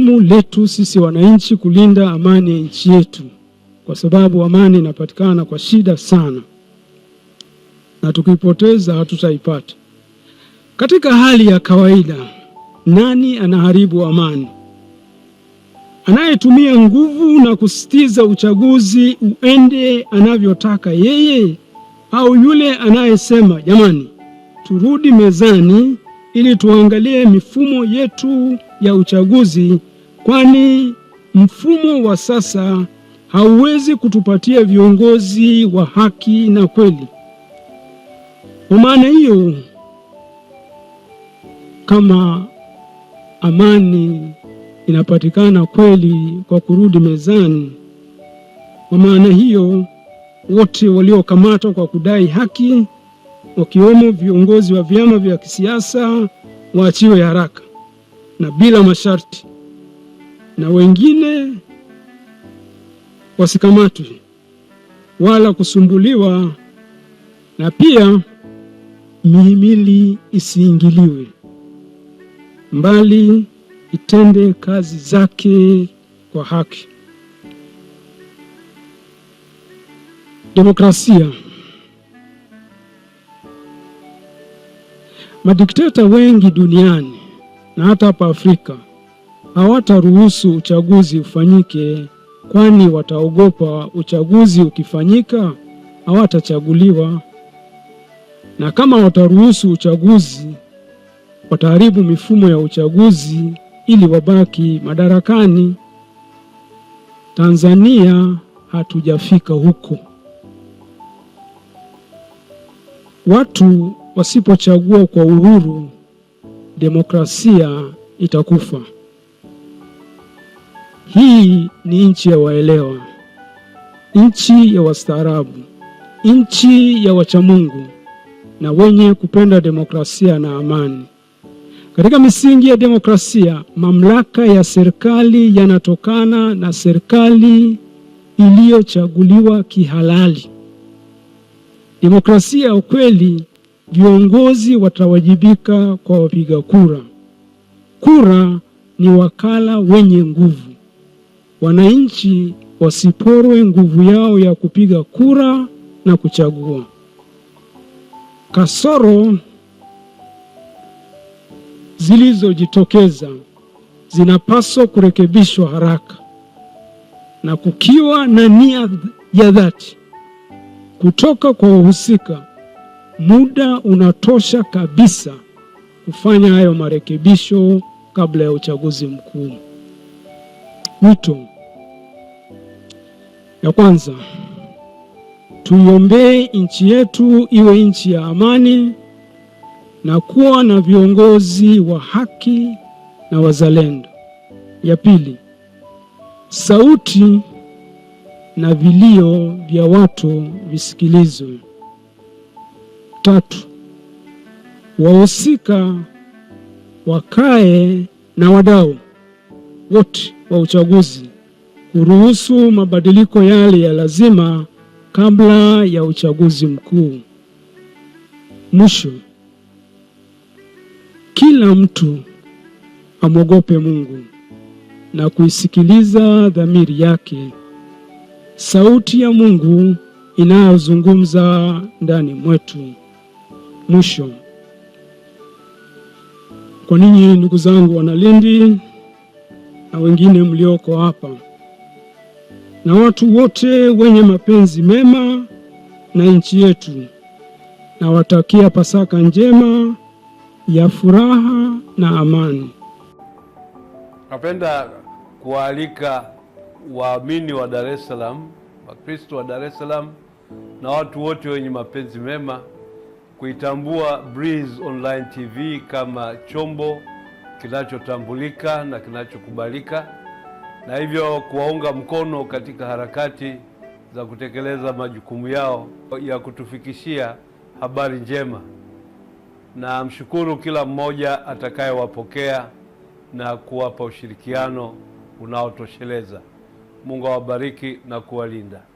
jukumu letu sisi wananchi kulinda amani ya nchi yetu, kwa sababu amani inapatikana kwa shida sana, na tukipoteza hatutaipata. Katika hali ya kawaida, nani anaharibu amani? Anayetumia nguvu na kusisitiza uchaguzi uende anavyotaka yeye, au yule anayesema jamani, turudi mezani ili tuangalie mifumo yetu ya uchaguzi kwani mfumo wa sasa hauwezi kutupatia viongozi wa haki na kweli. Kwa maana hiyo, kama amani inapatikana kweli kwa kurudi mezani, kwa maana hiyo wote waliokamatwa kwa kudai haki wakiwemo viongozi wa vyama vya kisiasa waachiwe haraka na bila masharti na wengine wasikamatwe wala kusumbuliwa, na pia mihimili isiingiliwe, mbali itende kazi zake kwa haki. Demokrasia. Madikteta wengi duniani na hata hapa Afrika hawataruhusu uchaguzi ufanyike, kwani wataogopa uchaguzi ukifanyika hawatachaguliwa, na kama wataruhusu uchaguzi wataharibu mifumo ya uchaguzi ili wabaki madarakani. Tanzania hatujafika huko. Watu wasipochagua kwa uhuru, demokrasia itakufa. Hii ni nchi ya waelewa, nchi ya wastaarabu, nchi ya wachamungu na wenye kupenda demokrasia na amani. Katika misingi ya demokrasia, mamlaka ya serikali yanatokana na serikali iliyochaguliwa kihalali. Demokrasia ukweli, viongozi watawajibika kwa wapiga kura. Kura ni wakala wenye nguvu wananchi wasiporwe nguvu yao ya kupiga kura na kuchagua. Kasoro zilizojitokeza zinapaswa kurekebishwa haraka, na kukiwa na nia ya dhati kutoka kwa wahusika, muda unatosha kabisa kufanya hayo marekebisho kabla ya uchaguzi mkuu. Wito ya kwanza, tuiombee nchi yetu iwe nchi ya amani na kuwa na viongozi wa haki na wazalendo. Ya pili, sauti na vilio vya watu visikilizwe. Tatu, wahusika wakae na wadau wote wa uchaguzi kuruhusu mabadiliko yale ya lazima kabla ya uchaguzi mkuu. Mwisho, kila mtu amwogope Mungu na kuisikiliza dhamiri yake, sauti ya Mungu inayozungumza ndani mwetu. Mwisho, kwa ninyi ndugu zangu Wanalindi na wengine mlioko hapa na watu wote wenye mapenzi mema na nchi yetu. Nawatakia Pasaka njema ya furaha na amani. Napenda kuwaalika waamini wa Dar es Salaam, Wakristo wa Dar es Salaam na watu wote wenye mapenzi mema kuitambua Breeze Online TV kama chombo kinachotambulika na kinachokubalika, na hivyo kuwaunga mkono katika harakati za kutekeleza majukumu yao ya kutufikishia habari njema, na mshukuru kila mmoja atakayewapokea na kuwapa ushirikiano unaotosheleza. Mungu awabariki na kuwalinda.